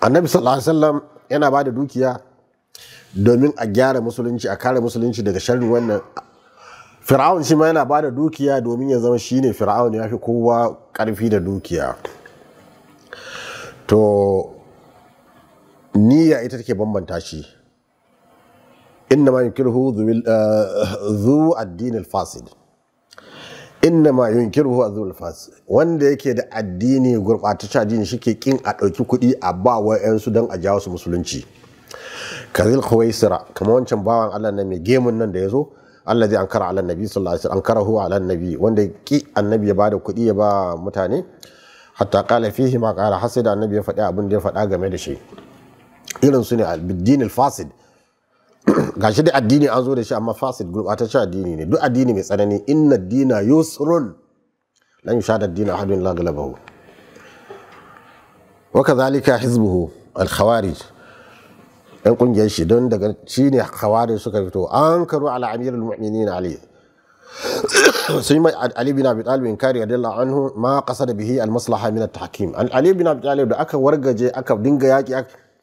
annabi sallallahu alaihi wasallam yana ba da dukiya domin a gyara musulunci a kare musulunci daga sharri wannan fir'aun shi ma yana ba da dukiya domin ya zama shine fir'aun ya fi kowa karfi da dukiya to niyya ita take bambanta shi inna ma yukirhu zu eh, addinin fasid inna ma yunkiruhu azul fas wanda yake da addini gurbatacce addini shike kin a dauki kuɗi a ba su dan a jawo su musulunci kazil khuwaisira kamar wancan bawan Allah na mai gemun nan da yazo Allah zai ankara ala nabi sallallahu alaihi wasallam ankara huwa ala nabi wanda ki annabi ya bada kuɗi ya ba mutane hatta qala fihi ma qala hasida annabi ya faɗi abin da ya faɗa game da shi irin su ne al-bidin al-fasid al bidin fasid gashi da addini an zo da shi amma fasid gurɓataccen addini ne duk addini mai tsanani inna dina yusrun lan yushada dina ahadun la galabahu wa kadhalika hizbuhu al khawarij yan kungiyar shi don daga shi ne khawarij suka fito an karu ala al mu'minin ali sun yi ali bin abi talib kari radiyallahu anhu ma qasada bihi al maslaha min at tahkim ali bin abi talib da aka wargaje aka dinga yaki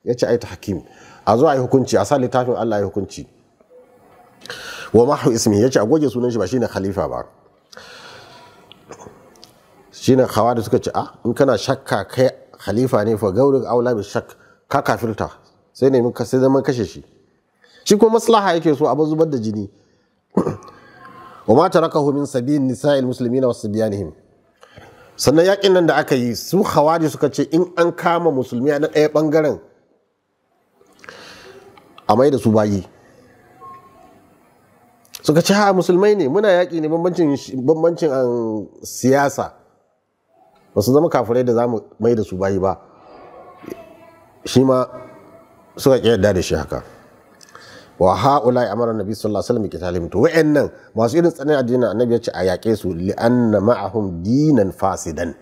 ya ce ai ta hakim a zo a yi hukunci a sa littafin Allah ya hukunci wa mahu ismi ya ce a goge sunan shi ba shine khalifa ba shine hawa suka ce a ah, in kana shakka kai khalifa ne fa gauri aula bi shak ka kafirta sai ne mun sai zaman kashe shi shi ko maslaha yake so a zubar da jini wa ma tarakahu min sabiyin nisa'il muslimina wa sibyanihim sannan yakin nan da aka yi su hawari suka ce in an kama musulmi na ɗaya bangaren a mai da su bayi suka ci ha musulmai ne muna yaƙi ne bambancin siyasa ba su zama kafirai da za mu mai da su bayi ba shi ma suka ƙi yadda da shi haka wa ha'ula amara nabi sallallahu alaihi wasallam to wa'annan masu irin tsanin addinin annabi ya ce a yaƙe su li anna ma'ahum dinan fasidan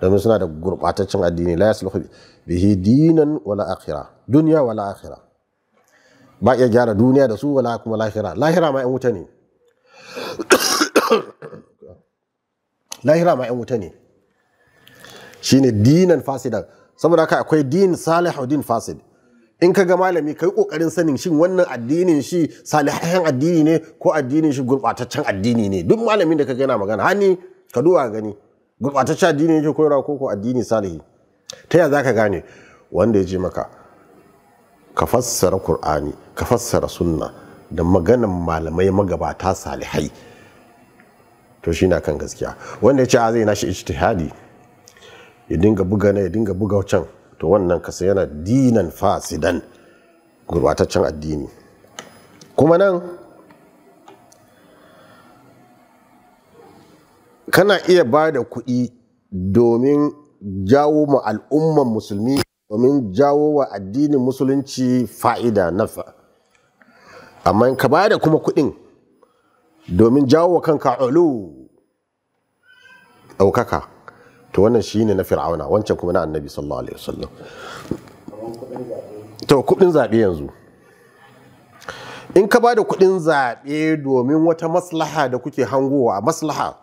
domin suna da gurbataccen addini la yasluhu bihi dinan wala akhirah duniya wala akhirah ba iya gyara duniya da su wala kuma lahira lahira ma yan wuta ne lahira ma yan wuta ne Shi ne dinan fasidan saboda haka akwai din salihu din fasid in ka ga malami kai kokarin sanin shin wannan addinin shi salihan addini ne ko addinin shi gurbataccen addini ne duk malamin da ka yana magana hani ka duba gani gurbataccen addini yake koyarwa ko ko addini salihi ta yaya ka gane wanda ya je maka ka fassara Kur'ani ka fassara sunna da maganan malamai magabata salihai to shi na kan gaskiya wanda ya ce zai nashi ijtihadi ya dinga buga na ya dinga buga can to wannan kasa yana dinan fasidan gurbataccen addini kuma nan kana iya ba da kuɗi domin jawo ma al'umman musulmi domin jawo wa addinin musulunci fa'ida nafa amma ka ba da kuma kuɗin domin jawo wa kanka ulu ɗaukaka to wannan shi ne na fir'auna wancan kuma na annabi sallallahu alaihi wasallam to kuɗin zaɓe yanzu in ka ba da kuɗin zaɓe domin wata maslaha da kuke hangowa maslaha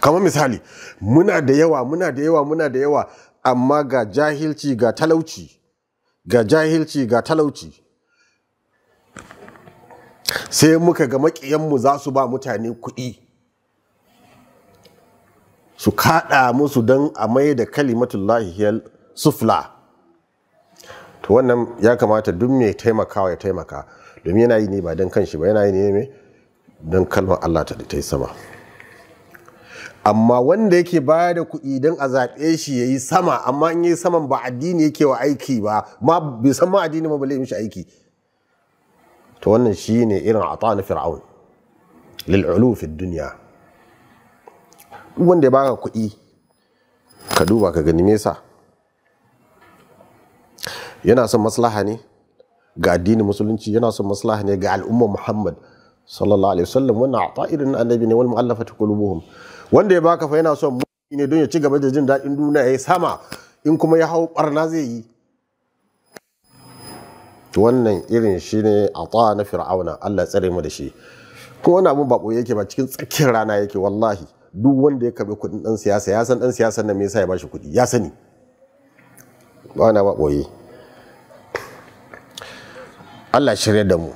kamar misali muna da yawa muna da yawa muna da yawa amma ga jahilci ga talauci ga jahilci ga talauci sai muka ga maƙiyanmu za su ba mutane kuɗi su kaɗa musu don a mai da kalimatun sufla to wannan ya kamata duk mai taimakawa ya taimaka domin yana yi ne ba don kanshi ba yana yi ne don kalmar allah da ta yi sama amma wanda yake baya da kuɗi don a zaɓe shi ya yi sama amma in yi saman ba addini yake wa aiki ba ma bai san ma addini ba bale mishi aiki to wannan shi ne irin ata na fir'aun lil'ulu fi duniya wanda ya baka kuɗi ka duba ka gani mesa yana son maslaha ne ga addinin musulunci yana son maslaha ne ga al'ummar muhammad sallallahu alaihi wasallam wannan a ta'irin annabi ne wani mu'allafa ta kulubuhum wanda ya baka fa yana son mulki ne don ya ci gaba da jin daɗin duniya ya yi sama in kuma ya hau ɓarna zai yi wannan irin shi ne a na fir'auna allah tsare mu da shi kuma wani abin bako yake ba cikin tsakiyar rana yake wallahi duk wanda ya kaɓe kudin dan siyasa ya san dan siyasa na me yasa ya bashi kuɗi. ya sani ba na ba Allah shirya da mu